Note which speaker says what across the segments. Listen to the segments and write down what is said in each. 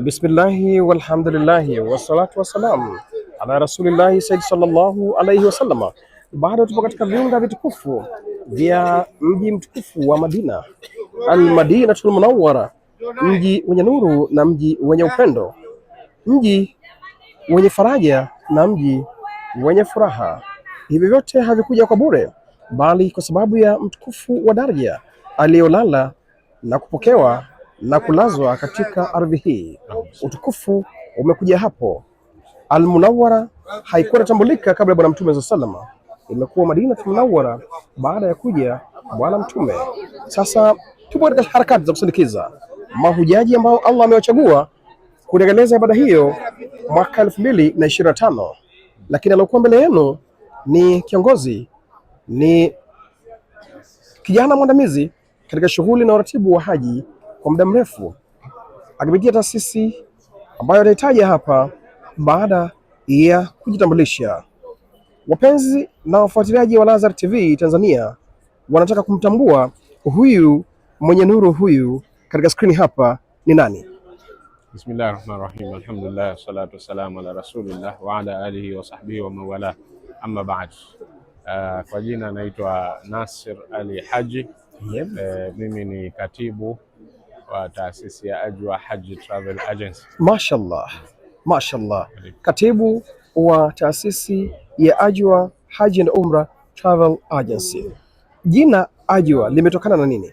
Speaker 1: Bismillahi walhamdulillahi wassalatu wassalam ala rasulillahi sayyid sallallahu alaihi wasallama. Bado tupo katika viunga vitukufu vya mji mtukufu wa Madina, Almadinatul Munawwara, mji wenye nuru na mji wenye upendo, mji wenye faraja na mji wenye furaha. Hivi vyote havikuja kwa bure, bali kwa sababu ya mtukufu wa daraja aliyolala na kupokewa na kulazwa katika ardhi hii. Utukufu umekuja hapo. Almunawara haikuwa inatambulika kabla ya Bwana Mtume za salama, imekuwa Madina Munawara baada ya kuja Bwana Mtume. Sasa tupo katika harakati za kusindikiza mahujaji ambao Allah amewachagua kutekeleza ibada hiyo mwaka elfu mbili na ishirini na tano, lakini aliokuwa mbele yenu ni kiongozi, ni kijana mwandamizi katika shughuli na uratibu wa haji kwa muda mrefu akipitia taasisi ambayo anahitaji hapa baada ya kujitambulisha. Wapenzi na wafuatiliaji wa Lazar TV Tanzania wanataka kumtambua huyu mwenye nuru huyu katika skrini hapa ni nani?
Speaker 2: Bismillahi rahmani rahim, alhamdulillah salatu wassalamu ala rasulillah wa ala alihi wa sahbihi wa mawala, amma ba'd. Uh, kwa jina naitwa Nasir Ali Haji. Yep. Uh, mimi ni katibu wa taasisi ya Ajwa Haji Travel Agency.
Speaker 1: Mashallah, mashallah. Katibu wa taasisi ya Ajwa Haji na Umra Travel Agency, jina Ajwa limetokana na nini?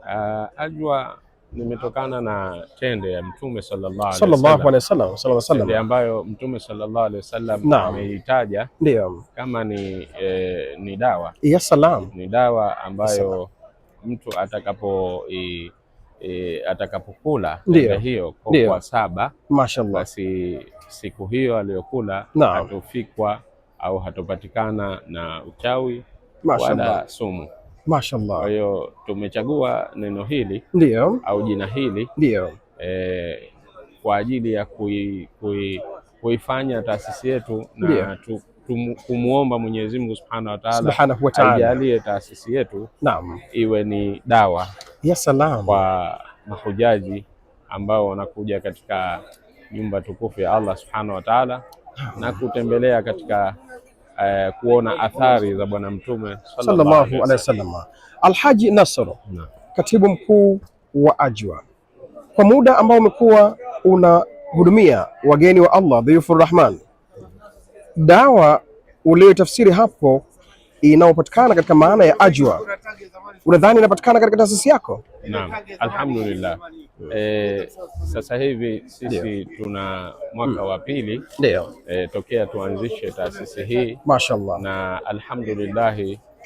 Speaker 2: Uh, Ajwa limetokana na tende ya Mtume sallallahu
Speaker 1: alaihi wasallam, wasallam
Speaker 2: ambayo Mtume sallallahu alaihi wasallam ameitaja ndio kama ni, eh, ni dawa
Speaker 1: ya salam,
Speaker 2: ni dawa ambayo mtu atakapo i, e, atakapokula tende hiyo kokwa saba, mashaallah, basi siku hiyo aliyokula hatofikwa au hatopatikana na uchawi mashaallah, wala sumu
Speaker 1: mashaallah. Kwa
Speaker 2: hiyo tumechagua neno hili ndio au jina hili ndio e, kwa ajili ya kuifanya kui, taasisi yetu na kumwomba Mwenyezi Mungu Subhanahu wa Ta'ala ajalie taasisi yetu naam, iwe ni dawa
Speaker 1: ya salam
Speaker 2: kwa mahujaji ambao wanakuja katika nyumba tukufu ya Allah Subhanahu wa Ta'ala na kutembelea katika uh, kuona athari za Bwana Mtume
Speaker 1: sallallahu alaihi wasallam. Alhaji Nasr, katibu mkuu wa Ajwa, kwa muda ambao umekuwa unahudumia wageni wa Allah dhuyufur rahman dawa uliyotafsiri hapo inayopatikana katika maana ya ajwa, unadhani inapatikana katika taasisi yako?
Speaker 2: Naam, alhamdulillah. E, sasa hivi sisi Deo. tuna mwaka mm. wa pili e, tokea tuanzishe taasisi hii Mashaallah. na alhamdulillah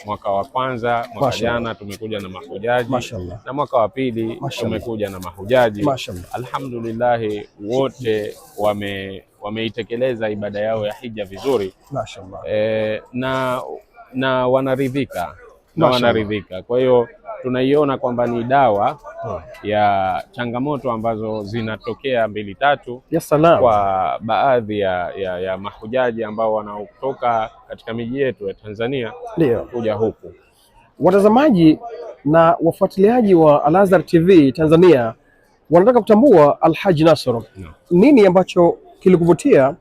Speaker 2: mwaka wa kwanza mwaka jana tumekuja na mahujaji Mashallah. na mwaka wa pili tumekuja na mahujaji Mashallah. Alhamdulillah, wote wame wameitekeleza ibada yao ya hija vizuri Mashallah. E, na na wanaridhika na wanaridhika, kwa hiyo tunaiona kwamba ni dawa hmm. ya changamoto ambazo zinatokea mbili tatu yes, kwa baadhi ya, ya, ya mahujaji ambao wanaotoka katika miji yetu ya Tanzania kuja huku.
Speaker 1: Watazamaji na wafuatiliaji wa Al Azhar TV Tanzania wanataka kutambua Alhaji Nasr, no. nini ambacho kilikuvutia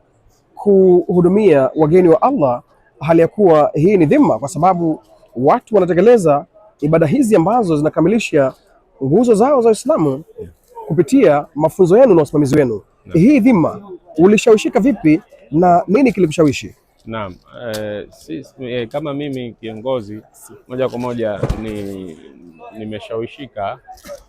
Speaker 1: kuhudumia wageni wa Allah hali ya kuwa hii ni dhima, kwa sababu watu wanatekeleza ibada hizi ambazo zinakamilisha nguzo zao za Uislamu kupitia mafunzo yenu na usimamizi wenu na. Hii dhima ulishawishika vipi na nini kilikushawishi?
Speaker 2: Naam, eh, si, e, kama mimi kiongozi moja kwa moja ni nimeshawishika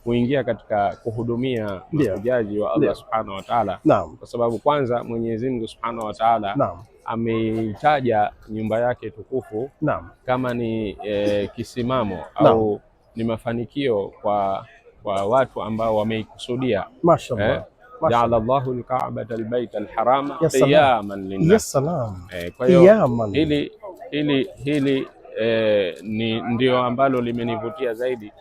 Speaker 2: kuingia katika kuhudumia mahujaji wa Allah Subhanahu wa Ta'ala, kwa sababu kwanza Mwenyezi Mungu Subhanahu wa Ta'ala ameitaja nyumba yake tukufu naam, kama ni e, kisimamo au ni mafanikio kwa, kwa watu ambao wameikusudia
Speaker 1: mashaallah eh,
Speaker 2: Jaala llahu lkabata albaita alharama qiyaman linnas. Eh, kwa hiyo hili, hili, hili eh, ni ndio ambalo limenivutia zaidi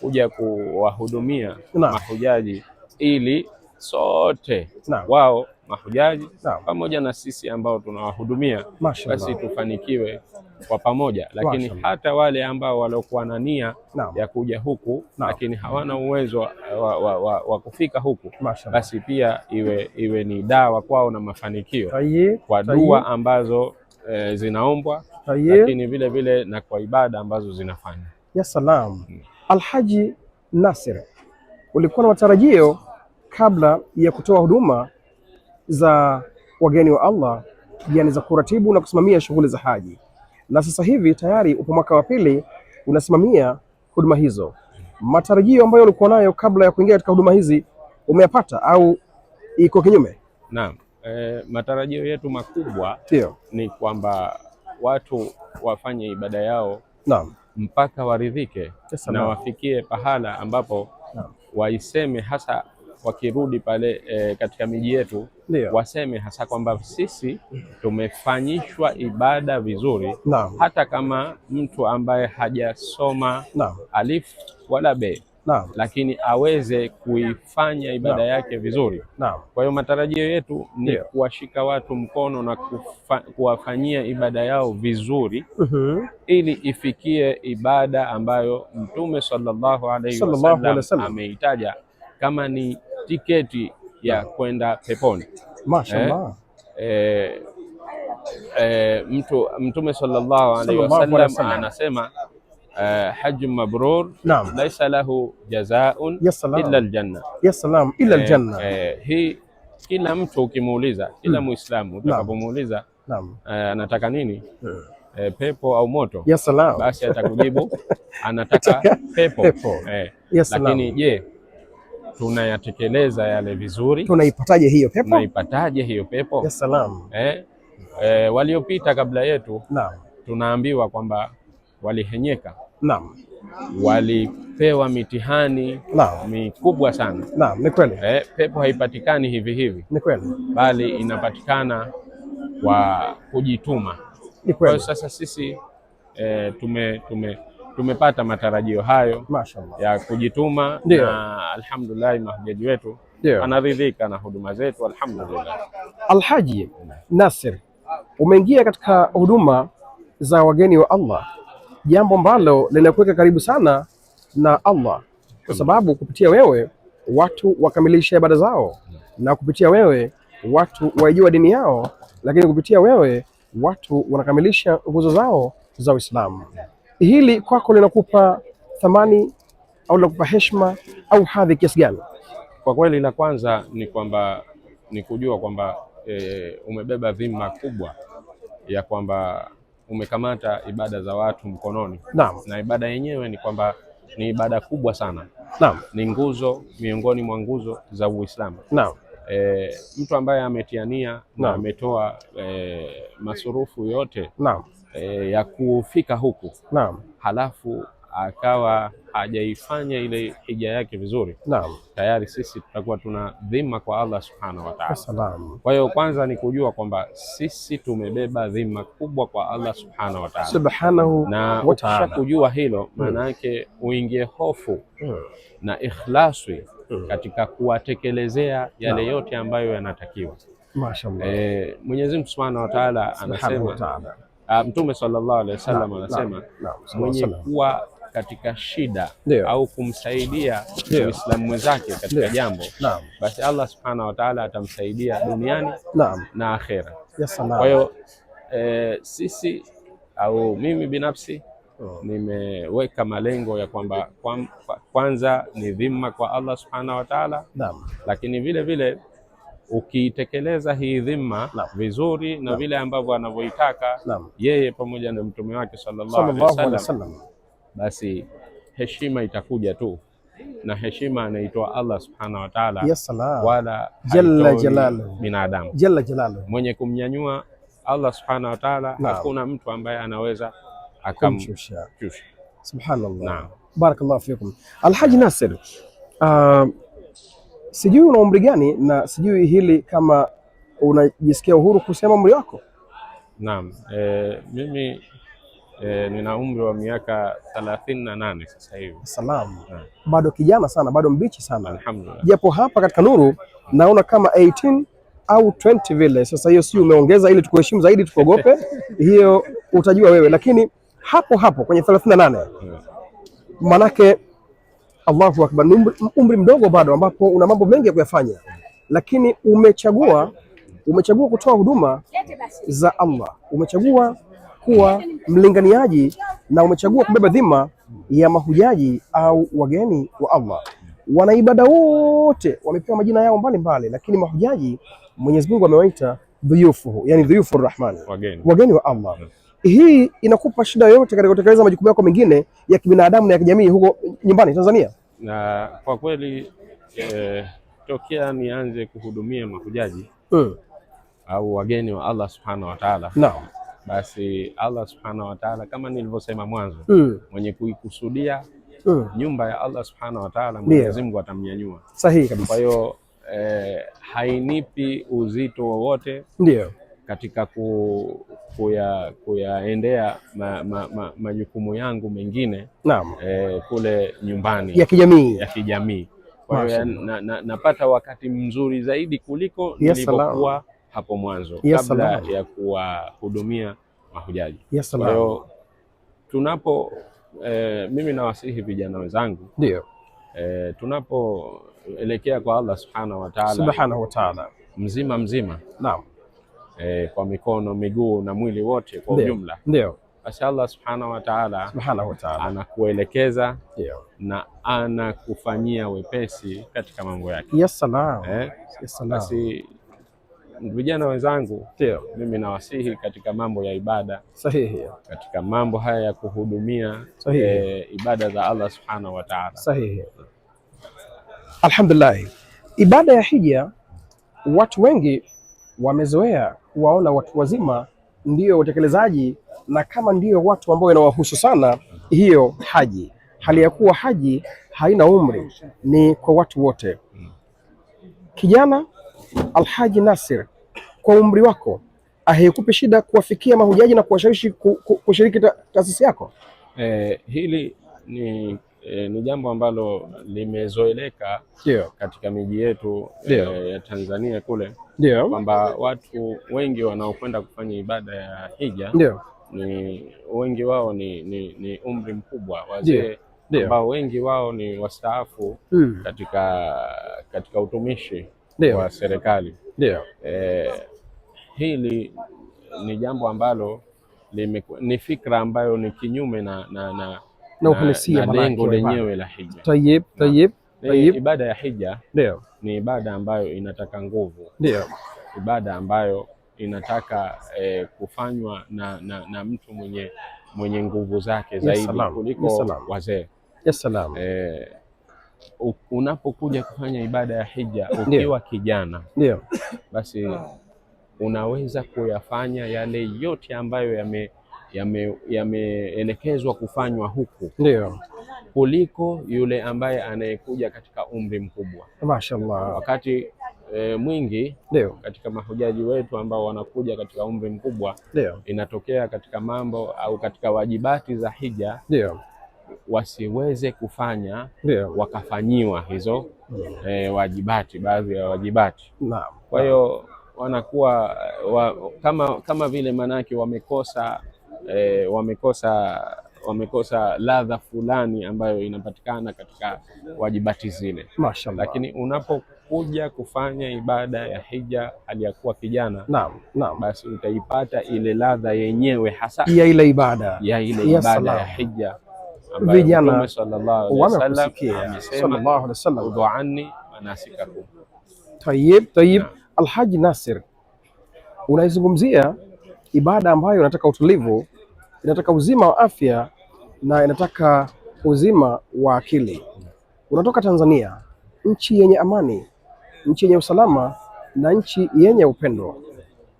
Speaker 2: kuja kuwahudumia mahujaji ili sote wao mahujaji pamoja na sisi ambao tunawahudumia, basi tufanikiwe kwa pamoja. Lakini Masha hata wale ambao waliokuwa na nia ya kuja huku Naam. lakini hawana uwezo wa, wa, wa, wa, wa kufika huku Masha, basi pia iwe, iwe ni dawa kwao na mafanikio Taye. kwa dua ambazo e, zinaombwa Taye. lakini vile vile na kwa ibada ambazo zinafanya
Speaker 1: ya salam hmm. Alhaji Nasir, ulikuwa na matarajio kabla ya kutoa huduma za wageni wa Allah, yani za kuratibu na kusimamia shughuli za haji, na sasa hivi tayari upo mwaka wa pili unasimamia huduma hizo. Matarajio ambayo ulikuwa nayo kabla ya kuingia katika huduma hizi umeyapata au iko kinyume?
Speaker 2: Naam. E, matarajio yetu makubwa Tio. ni kwamba watu wafanye ibada yao Naam. mpaka waridhike na wafikie pahala ambapo Naam. waiseme hasa wakirudi pale e, katika miji yetu waseme hasa kwamba sisi tumefanyishwa ibada vizuri na, hata kama mtu ambaye hajasoma alif wala be na, lakini aweze kuifanya ibada na, yake vizuri na. Kwa hiyo matarajio yetu ni kuwashika watu mkono na kufa, kuwafanyia ibada yao vizuri uh mhm. -huh. ili ifikie ibada ambayo Mtume sallallahu alaihi wasallam ameitaja kama ni tiketi ya kwenda peponi.
Speaker 1: Mashaallah.
Speaker 2: Eh, eh, eh, mtu Mtume sallallahu alaihi wasallam anasema Uh, hajjun mabrur laisa lahu jazaun illa aljanna.
Speaker 1: Ya salam, illa eh, aljanna.
Speaker 2: Eh, hii kila mtu ukimuuliza, kila hmm. Muislamu utakapomuuliza anataka nini, hmm. eh, pepo au moto? Yes salam, basi atakujibu anataka pepo, pepo. Eh, lakini je tunayatekeleza yale vizuri.
Speaker 1: Tunaipataje hiyo pepo?
Speaker 2: Tunaipataje hiyo pepo?
Speaker 1: Yes, salam.
Speaker 2: Eh, eh, waliopita kabla yetu naam, tunaambiwa kwamba walihenyeka naam, walipewa mitihani naam, mikubwa sana
Speaker 1: naam, ni kweli.
Speaker 2: Eh, pepo haipatikani hivi hivi, ni kweli, bali inapatikana kwa kujituma. Ni kweli. Kwa sasa sisi eh, tume, tume tumepata matarajio hayo Mashallah. ya kujituma Ndiyo. na alhamdulillah mahujaji wetu anaridhika na huduma zetu alhamdulillah.
Speaker 1: Alhaji Nasir, umeingia katika huduma za wageni wa Allah, jambo ambalo linakuweka karibu sana na Allah kwa mm. sababu kupitia wewe watu wakamilisha ibada zao, na kupitia wewe watu waijua dini yao, lakini kupitia wewe watu wanakamilisha nguzo zao za Uislamu hili kwako linakupa thamani au linakupa heshima au hadhi kiasi gani?
Speaker 2: Kwa kweli, la kwanza ni kwamba ni kujua kwamba e, umebeba dhima kubwa ya kwamba umekamata ibada za watu mkononi. Naam. Na ibada yenyewe ni kwamba ni ibada kubwa sana. Naam. Ni nguzo miongoni mwa nguzo za Uislamu. Naam. E, mtu ambaye ametiania na ametoa e, masurufu yote Naam e, ya kufika huku naam, halafu akawa hajaifanya ile hija yake vizuri naam, tayari sisi tutakuwa tuna dhima kwa Allah subhanahu wa
Speaker 1: ta'ala.
Speaker 2: Kwa hiyo kwanza ni kujua kwamba sisi tumebeba dhima kubwa kwa Allah subhanahu wa ta'ala,
Speaker 1: subhanahu na ukisha
Speaker 2: kujua hilo, hmm. maana yake uingie hofu hmm. na ikhlasi hmm. katika kuwatekelezea yale yote ambayo yanatakiwa. Mashaallah. Eh, Mwenyezi Mungu subhanahu wa ta'ala anasema Ah, Mtume sallallahu alaihi wasallam anasema mwenye kuwa katika shida Deo, au kumsaidia Muislamu mwenzake katika Deo, jambo basi Allah subhanahu wa ta'ala atamsaidia duniani Naam. na akhera. Kwa hiyo e, sisi au mimi binafsi oh, nimeweka malengo ya kwamba kwanza ni dhima kwa Allah subhanahu wa ta'ala, lakini vile vile ukiitekeleza hii dhima vizuri na vile ambavyo anavyoitaka yeye pamoja na mtume wake sallallahu alaihi wasallam, basi heshima itakuja tu, na heshima anaitoa Allah subhanahu wa
Speaker 1: ta'ala, wala jalla jalaluhu binadamu jalla jalaluhu,
Speaker 2: mwenye kumnyanyua Allah subhanahu wa ta'ala. Hakuna mtu ambaye anaweza akamshusha.
Speaker 1: Subhanallah, barakallahu fikum. Alhaji Nasir uh, Sijui una umri gani na sijui hili kama unajisikia uhuru kusema umri wako.
Speaker 2: Naam, e, mimi e, nina umri wa miaka thelathini na nane sasa hivi.
Speaker 1: Salamu. Bado kijana sana, bado mbichi sana. Alhamdulillah. Japo hapa katika Nuru naona kama 18 au 20 vile. Sasa hiyo si umeongeza ili tukuheshimu zaidi tukuogope? hiyo utajua wewe, lakini hapo hapo kwenye 38 manake Allahu akbar, ni umri mdogo bado, ambapo una mambo mengi ya kuyafanya, lakini umechagua umechagua kutoa huduma za Allah, umechagua kuwa mlinganiaji na umechagua kubeba dhima ya mahujaji au wageni wa Allah. Wanaibada wote wamepewa majina yao mbalimbali mbali, lakini mahujaji Mwenyezi Mungu amewaita dhuyufu, yani dhuyufu rahmani, wageni, wageni wa Allah hii inakupa shida yoyote katika kutekeleza majukumu yako mengine ya kibinadamu na ya kijamii huko nyumbani Tanzania?
Speaker 2: Na kwa kweli eh, tokea nianze kuhudumia mahujaji mm. au wageni wa Allah subhanahu wa taala no. Basi Allah subhanahu wa taala kama nilivyosema mwanzo mm. mwenye kuikusudia mm. nyumba ya Allah subhanahu wa taala Mwenyezi Mungu atamnyanyua. Sahihi kabisa. Kwa hiyo eh, hainipi uzito wowote ndio katika ku, kuya, kuyaendea majukumu ma, ma, yangu mengine naam, e, kule nyumbani
Speaker 1: ya kijamii ya
Speaker 2: kijamii. Kwa hiyo na, na, napata wakati mzuri zaidi kuliko nilipokuwa hapo mwanzo kabla ya kuwahudumia mahujaji. Kwa hiyo tunapo e, mimi nawasihi vijana wenzangu ndio e, tunapoelekea kwa Allah subhanahu wa ta'ala
Speaker 1: subhanahu wa ta'ala
Speaker 2: mzima mzima naam eh, kwa mikono, miguu na mwili wote kwa ujumla. Ndio. Basi Allah subhanahu wa ta'ala, subhanahu wa ta'ala anakuelekeza na anakufanyia wepesi katika mambo yake.
Speaker 1: Yes, salam.
Speaker 2: Eh, yes, salam. Basi vijana wenzangu, mimi nawasihi katika mambo ya ibada sahihi, katika mambo haya ya kuhudumia e, ibada za Allah subhanahu wa ta'ala sahihi.
Speaker 1: Alhamdulillah, ibada ya hija watu wengi wamezoea kuwaona watu wazima ndio utekelezaji, na kama ndio watu ambao inawahusu sana hiyo haji, hali ya kuwa haji haina umri, ni kwa watu wote. Kijana Alhaji Nasir, kwa umri wako haikupi shida kuwafikia mahujaji na kuwashawishi kushiriki taasisi yako?
Speaker 2: Eh, hili ni e, ni jambo ambalo limezoeleka yeah. katika miji yetu yeah. e, ya Tanzania kule yeah. kwamba watu wengi wanaokwenda kufanya ibada ya hija yeah. ni wengi wao ni, ni, ni umri mkubwa wazee yeah ambao wengi wao ni wastaafu mm. katika katika utumishi Dio. wa serikali e, hili ni jambo ambalo ni fikra ambayo ni kinyume na, na, na
Speaker 1: na uhalisia,
Speaker 2: lengo lenyewe la hija.
Speaker 1: Tayeb, tayeb,
Speaker 2: tayeb. Ibada ya hija ndio ni ibada ambayo inataka nguvu, ndio ibada ambayo inataka eh, kufanywa na, na, na mtu mwenye mwenye nguvu zake zaidi kuliko wazee. Eh, unapokuja kufanya ibada ya hija ukiwa kijana ndio basi unaweza kuyafanya yale yote ambayo yame yameelekezwa yame kufanywa huku ndio kuliko yule ambaye anayekuja katika umri mkubwa.
Speaker 1: Mashaallah,
Speaker 2: wakati e, mwingi ndio katika mahujaji wetu ambao wanakuja katika umri mkubwa ndio inatokea katika mambo au katika wajibati za hija ndio wasiweze kufanya yeah. Wakafanyiwa hizo E, wajibati baadhi ya wajibati naam. Kwa hiyo wanakuwa wa, kama, kama vile manake wamekosa eh, wamekosa wamekosa ladha fulani ambayo inapatikana katika wajibati zile. Mashallah. Lakini unapokuja kufanya ibada ya hija aliyakuwa kijana, naam, naam, basi utaipata ile ladha yenyewe hasa
Speaker 1: ya ile ibada
Speaker 2: ya ile ibada ya hija ambayo sallallahu alaihi wasallam udhu anni manasikakum.
Speaker 1: Tayyib, tayyib. Alhaji Nasir, unaizungumzia ibada ambayo unataka utulivu inataka uzima wa afya na inataka uzima wa akili. Unatoka Tanzania, nchi yenye amani, nchi yenye usalama na nchi yenye upendo.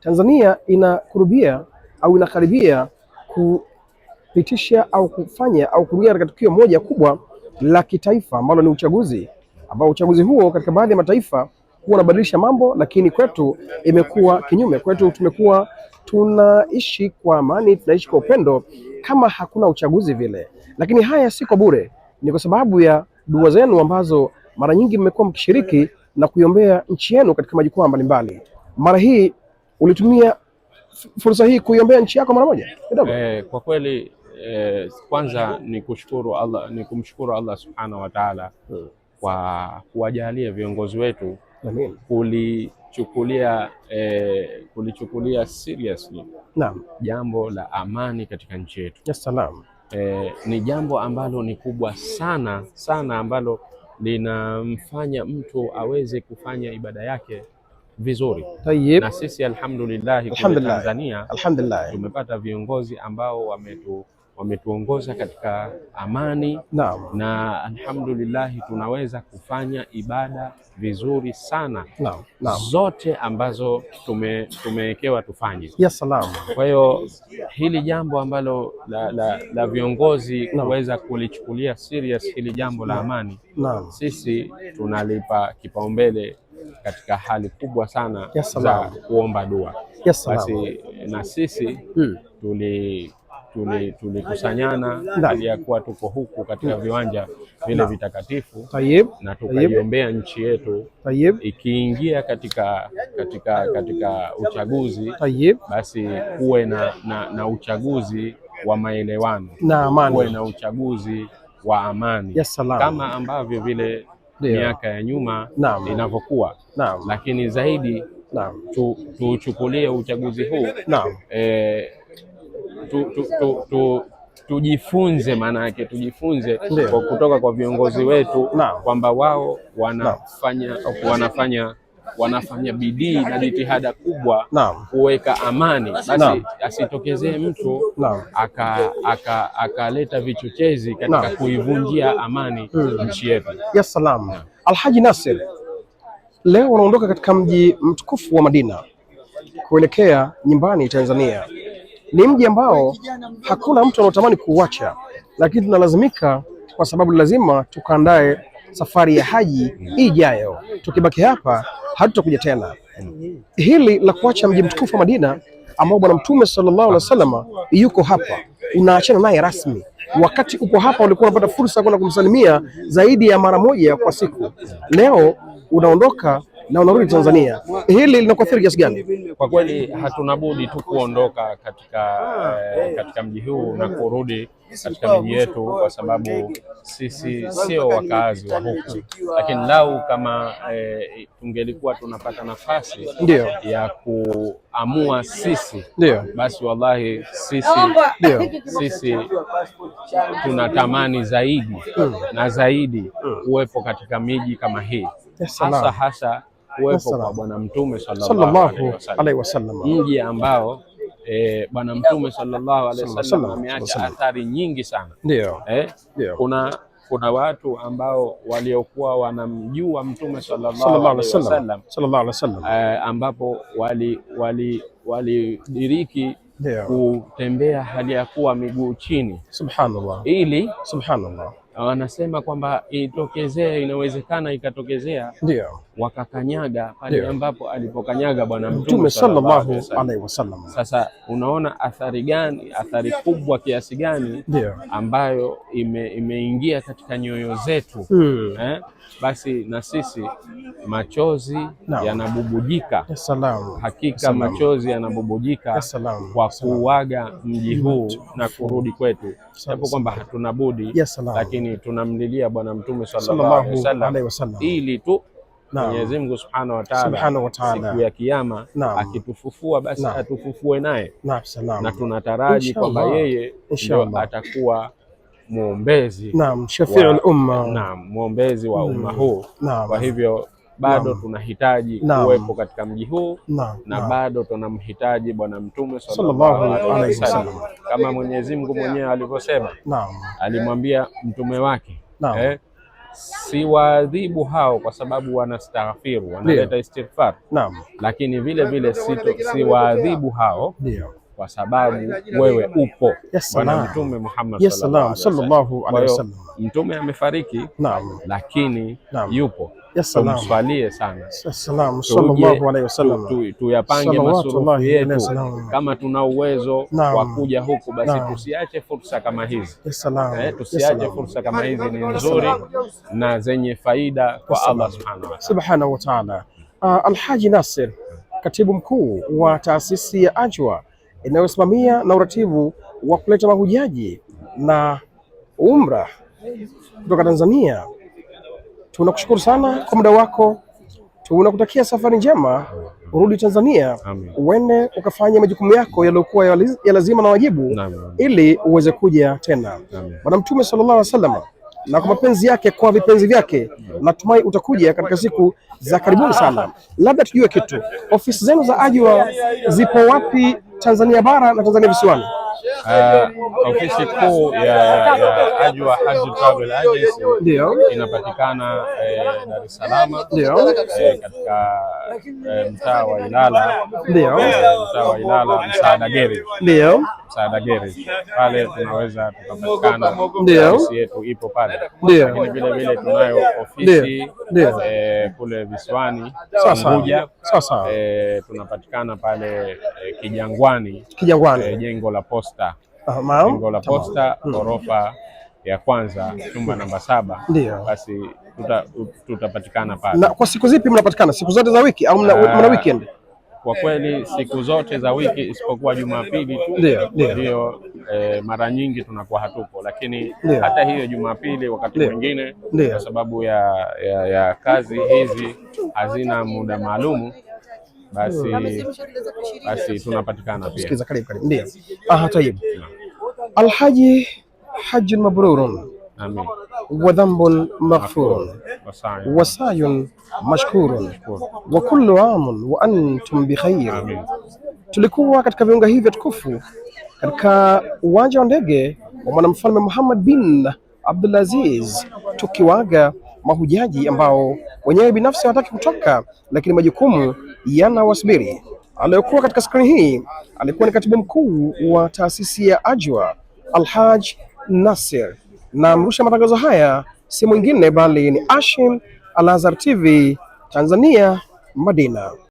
Speaker 1: Tanzania inakurubia au inakaribia kupitisha au kufanya au kuingia katika tukio moja kubwa la kitaifa ambalo ni uchaguzi, ambao uchaguzi huo katika baadhi ya mataifa huwa unabadilisha mambo, lakini kwetu imekuwa kinyume. Kwetu tumekuwa tunaishi kwa amani, tunaishi kwa upendo kama hakuna uchaguzi vile. Lakini haya si kwa bure, ni kwa sababu ya dua zenu ambazo mara nyingi mmekuwa mkishiriki na kuiombea nchi yenu katika majukwaa mbalimbali. Mara hii ulitumia fursa hii kuiombea nchi yako mara moja
Speaker 2: kidogo? Eh, kwa kweli eh, kwanza ni kushukuru Allah, ni kumshukuru Allah subhanahu wa taala hmm. kwa kuwajalia viongozi wetu Amin. kuli kulichukulia eh, kulichukulia seriously naam, jambo la amani katika nchi yetu
Speaker 1: yes, salam.
Speaker 2: Eh, ni jambo ambalo ni kubwa sana sana ambalo linamfanya mtu aweze kufanya ibada yake vizuri. Tayeb. Na sisi alhamdulillah, alhamdulillah. Tanzania alhamdulillah tumepata viongozi ambao wametu wametuongoza katika amani na, na alhamdulillahi tunaweza kufanya ibada vizuri sana na, na, zote ambazo tume, tumewekewa tufanye ya salamu. Kwa hiyo hili jambo ambalo la, la, la viongozi kuweza kulichukulia serious hili jambo la amani na, na, sisi tunalipa kipaumbele katika hali kubwa sana za kuomba dua basi na sisi hmm, tuli tulikusanyana hali ya kuwa tuko huku katika viwanja vile vitakatifu na tukaiombea nchi yetu ikiingia katika, katika, katika uchaguzi basi kuwe na, na, na uchaguzi wa maelewano kuwe na uchaguzi wa amani yes, kama ambavyo vile miaka ya nyuma inavyokuwa, lakini zaidi tuuchukulie uchaguzi huu e, tu, tu, tu, tu tujifunze maana yake tujifunze kwa kutoka kwa viongozi wetu kwamba wao wanafanya na, wanafanya wanafanya bidii na jitihada kubwa kuweka amani, basi asitokezee mtu akaleta aka, aka vichochezi katika kuivunjia amani hmm, nchi yetu.
Speaker 1: Yes, salam. Alhaji Nasir, leo unaondoka katika mji mtukufu wa Madina kuelekea nyumbani Tanzania. Ni mji ambao hakuna mtu anaotamani kuuacha, lakini tunalazimika kwa sababu lazima tukaandae safari ya haji ijayo. Tukibaki hapa hatutakuja tena. Hili la kuacha mji mtukufu wa Madina ambao Bwana Mtume sallallahu alaihi wasallam yuko hapa, unaachana naye rasmi. Wakati uko hapa ulikuwa unapata fursa ya kwenda kumsalimia zaidi ya mara moja kwa siku. Leo unaondoka na unarudi Tanzania, hili linakuathiri kiasi gani?
Speaker 2: Kwa kweli hatuna budi tu kuondoka katika, ah, eh, katika mji huu na kurudi katika miji yetu, kwa sababu sisi sio wakazi wa huku, lakini lau kama eh, tungelikuwa tunapata nafasi ndiyo, ya kuamua sisi ndiyo, basi wallahi sisi ndiyo, sisi tunatamani zaidi hmm, na zaidi mm. kuwepo uwepo katika miji kama hii hasa hasa kuwepo kwa Bwana Mtume sallallahu alaihi wasallam, mji ambao eh, Bwana Mtume sallallahu alaihi wasallam ameacha athari nyingi sana. Ndio eh, kuna kuna watu ambao waliokuwa wanamjua Mtume sallallahu alaihi wasallam eh, ambapo wali wali walidiriki kutembea hali ya kuwa miguu chini,
Speaker 1: subhanallah, ili subhanallah
Speaker 2: Ah, wanasema kwamba itokezee, inawezekana ikatokezea, ndio wakakanyaga pale ambapo alipokanyaga Bwana Mtume
Speaker 1: sallallahu alaihi wasallam.
Speaker 2: Sasa unaona athari gani, athari kubwa kiasi gani ndio ambayo ime, imeingia katika nyoyo zetu hmm. Eh, basi na sisi machozi yanabubujika Salamu. hakika machozi yanabubujika Salamu. kwa kuuaga mji huu na kurudi kwetu, japo kwamba hatuna budi lakini lakini tunamlilia Bwana Mtume sallallahu alaihi wasallam ili tu Mwenyezi Mungu Subhanahu wa Ta'ala siku ya kiyama akitufufua basi na atufufue naye na, na tunataraji kwamba yeye ndio atakuwa muombezi
Speaker 1: naam, shafiul umma,
Speaker 2: naam, mwombezi wa hmm. umma huu. Kwa hivyo bado tunahitaji kuwepo katika mji huu na, na, na bado tunamhitaji Bwana Mtume sallallahu alaihi wasallam kama Mwenyezi Mungu mwenyewe alivyosema, alimwambia mtume wake eh, waadhibu hao kwa sababu wanastaghfiru, wanaleta istighfar, lakini vile vile waadhibu hao Dio kwa sababu wewe upo. Bwana Mtume Muhammad sallallahu alaihi wasallam, mtume amefariki, naam, lakini naam, yupo tumswalie sana, tuyapange masurufu yetu kama tuna uwezo wa kuja huku basi, tusiache fursa kama hizi eh, tusiache fursa kama hizi, ni nzuri na zenye faida kwa Allah
Speaker 1: subhanahu wa ta'ala. Ah, Alhaji Nasir, katibu mkuu wa taasisi ya Ajwa inayosimamia na uratibu wa kuleta mahujaji na umra kutoka Tanzania. Tunakushukuru sana kwa muda wako, tunakutakia safari njema, urudi Tanzania Uende ukafanya majukumu yako yaliyokuwa ya lazima na wajibu ili uweze kuja tena. Bwana Mtume sallallahu alaihi wasallam na kwa mapenzi yake kwa vipenzi vyake. Natumai utakuja katika siku za karibuni sana. Labda tujue kitu, ofisi zenu za ajua zipo wapi Tanzania bara na Tanzania visiwani?
Speaker 2: uh, ofisi kuu ya, ya Ajwa Hajj Travel Agency inapatikana eh, Dar es Salaam eh, katika eh, mtaa wa Ilala ndio eh, mtaa wa Ilala Msaada Gere ndio Msaada Gere pale tunaweza tukapatikana, ndio ofisi yetu ipo pale, ndio lakini vile vile tunayo ofisi eh, kule viswani visiwani Unguja sasa eh, tunapatikana pale eh, Kijangwani Kijangwani eh, jengo la posta jengo la posta hmm. ghorofa ya kwanza chumba namba saba. Ndio basi tutapatikana tuta pale. Na
Speaker 1: kwa siku zipi mnapatikana? Siku zote za wiki au mna, ah, mna weekend?
Speaker 2: Kwa kweli siku zote za wiki isipokuwa Jumapili tu ndio e, mara nyingi tunakuwa hatupo, lakini Deo. hata hiyo Jumapili wakati mwingine kwa sababu ya, ya, ya kazi hizi hazina muda maalumu basi, hmm. basi tunapatikana pia. Sikiza,
Speaker 1: karibu karibu. Ndio. Ah, tayeb. Alhaji hajjun mabrurun wa dhambun maghfurun wa sayun mashkurun wa kullu amun wa antum bikhair. Tulikuwa katika viunga hivyo tukufu katika uwanja wa ndege wa mwanamfalme Muhammad bin Abdulaziz tukiwaga mahujaji ambao wenyewe binafsi hawataki kutoka, lakini majukumu yanawasubiri. Aliyokuwa katika skrini hii alikuwa ni katibu mkuu wa taasisi ya Ajwa Alhaj Nasir, na mrusha matangazo haya si mwingine bali ni Ashim Al Azhar TV Tanzania, Madina.